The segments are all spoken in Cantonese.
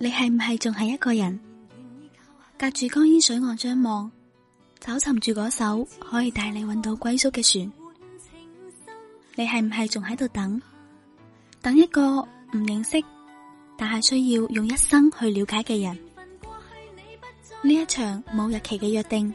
你係唔係仲係一個人？隔住江煙水岸張望，找尋住嗰艘可以帶你搵到歸宿嘅船。你係唔係仲喺度等？等一個唔認識，但係需要用一生去了解嘅人。呢一場冇日期嘅約定。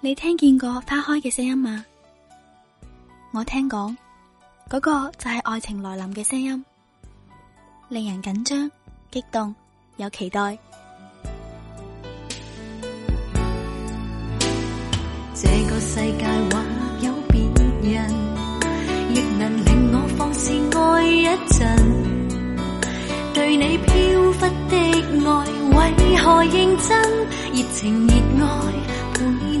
你聽見過花開嘅聲音嗎？我聽講，嗰、那個就是愛情來臨嘅聲音，令人緊張、激動又期待。這個世界或有別人，亦能令我放肆愛一陣。對你飄忽的愛，為何認真？熱情熱愛。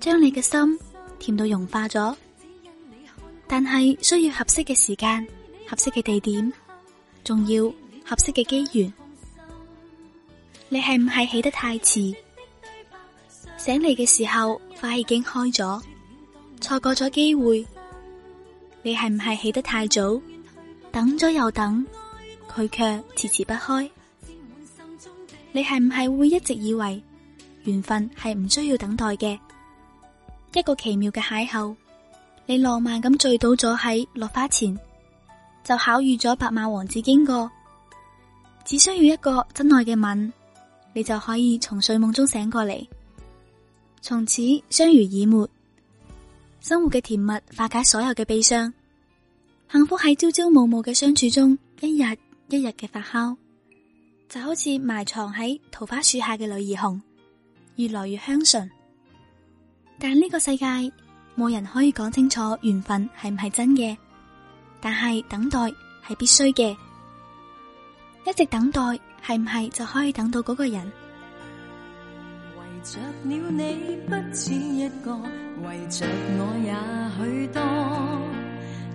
將你嘅心甜到融化咗，但係需要合適嘅時間、合適嘅地點，仲要合適嘅機緣。你係唔係起得太遲？醒嚟嘅時候，花已經開咗，錯過咗機會。你係唔係起得太早？等咗又等，佢卻遲遲不開。你係唔係會一直以為緣分係唔需要等待嘅？一個奇妙嘅邂逅，你浪漫咁醉倒咗喺落花前，就巧遇咗白馬王子經過。只需要一個真愛嘅吻，你就可以從睡夢中醒過嚟，從此相濡以沫，生活嘅甜蜜化解所有嘅悲傷，幸福喺朝朝暮暮嘅相處中，一日一日嘅發酵，就好似埋藏喺桃花樹下嘅女兒紅，越來越香醇。但呢個世界，冇人可以講清楚緣分係唔係真嘅，但係等待係必須嘅，一直等待係唔係就可以等到嗰個人？為着了你不止一個，為着我也許多，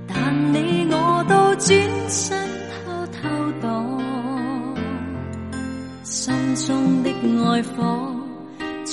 但你我都轉身偷偷躲，心中的愛火。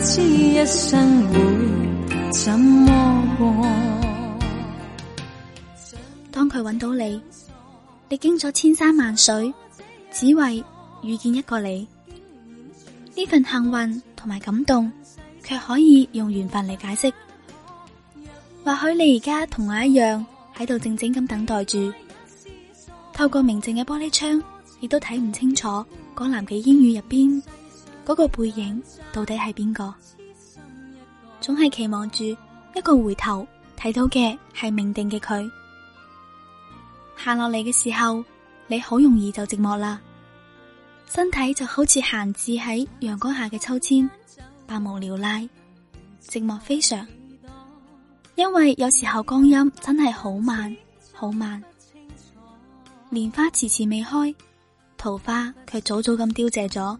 一生會怎麼過，當佢揾到你，你歷經咗千山萬水，只為遇見一個你。呢份幸運同埋感動，卻可以用緣分嚟解釋。或許你而家同我一樣，喺度靜靜咁等待住，透過明淨嘅玻璃窗，亦都睇唔清楚江南嘅煙雨入邊。嗰個背影到底係邊個？總係期望住一個回頭睇到嘅係命定嘅佢。行落嚟嘅時候，你好容易就寂寞啦。身體就好似閒置喺陽光下嘅秋千，百無聊賴，寂寞非常。因為有時候光陰真係好慢，好慢。蓮花遲遲未開，桃花卻早早咁凋謝咗。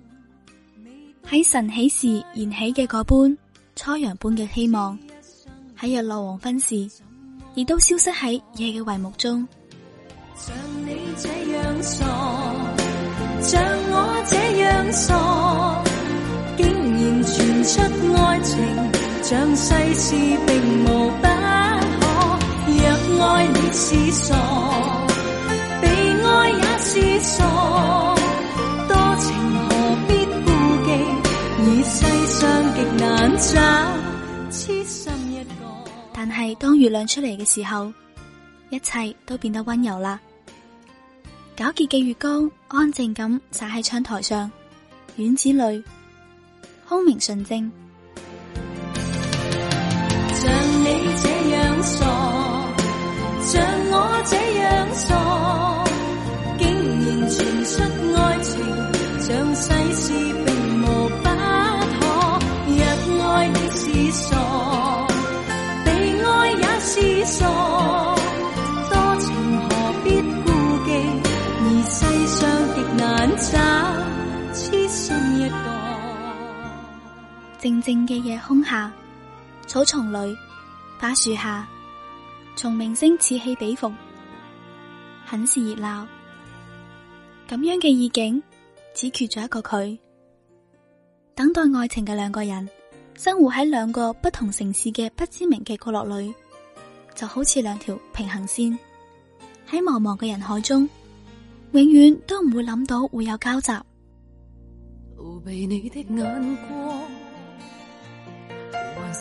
喺晨起時燃起嘅嗰般初陽般嘅希望，喺日落黃昏時，亦都消失喺夜嘅帷幕中。像你這樣傻，像我這樣傻，竟然傳出愛情，像世事並無不可。若愛你是傻，被愛也是傻。但係當月亮出嚟嘅時候，一切都變得温柔啦。皎潔嘅月光安靜咁灑喺窗台上，院子裏，空明純淨。像你這樣傻。靜嘅夜空下，草叢裏、柏樹下，從明星此起彼伏，很是熱鬧。咁樣嘅意境，只缺咗一個佢。等待愛情嘅兩個人，生活喺兩個不同城市嘅不知名嘅角落裏，就好似兩條平行線，喺茫茫嘅人海中，永遠都唔會諗到會有交集。逃避你的眼光。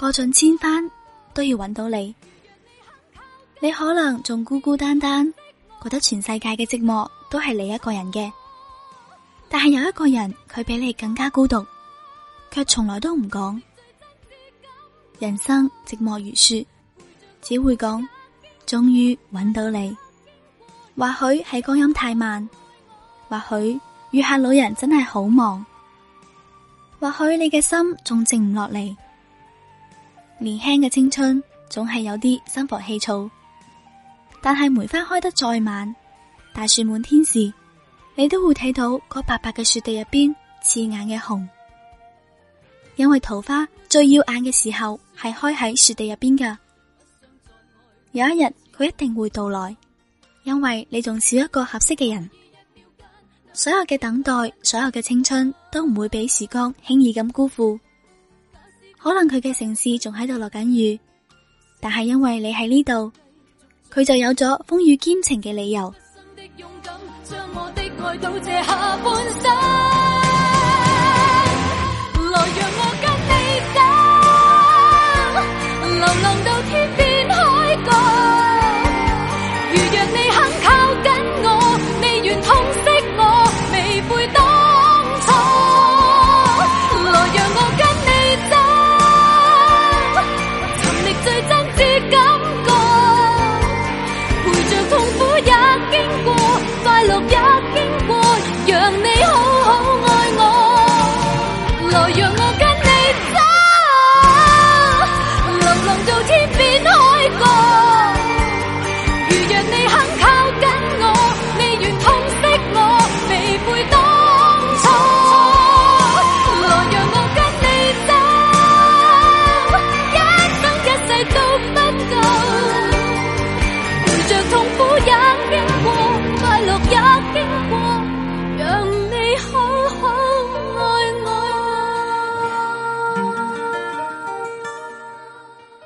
過盡千帆都要搵到你，你可能仲孤孤單單，覺得全世界嘅寂寞都係你一個人嘅。但係有一個人，佢比你更加孤獨，卻從來都唔講，人生寂寞如雪，只會講終於搵到你。或許係光陰太慢，或許月下老人真係好忙，或許你嘅心仲靜唔落嚟。年輕嘅青春總係有啲心浮氣躁，但係梅花開得再晚，大雪滿天時，你都會睇到嗰白白嘅雪地入邊刺眼嘅紅，因為桃花最耀眼嘅時候係開喺雪地入邊㗎。有一日佢一定會到來，因為你仲少一個合適嘅人。所有嘅等待，所有嘅青春，都唔會俾時光輕易咁辜負。可能佢嘅城市仲喺度落緊雨，但係因為你喺呢度，佢就有咗風雨兼程嘅理由。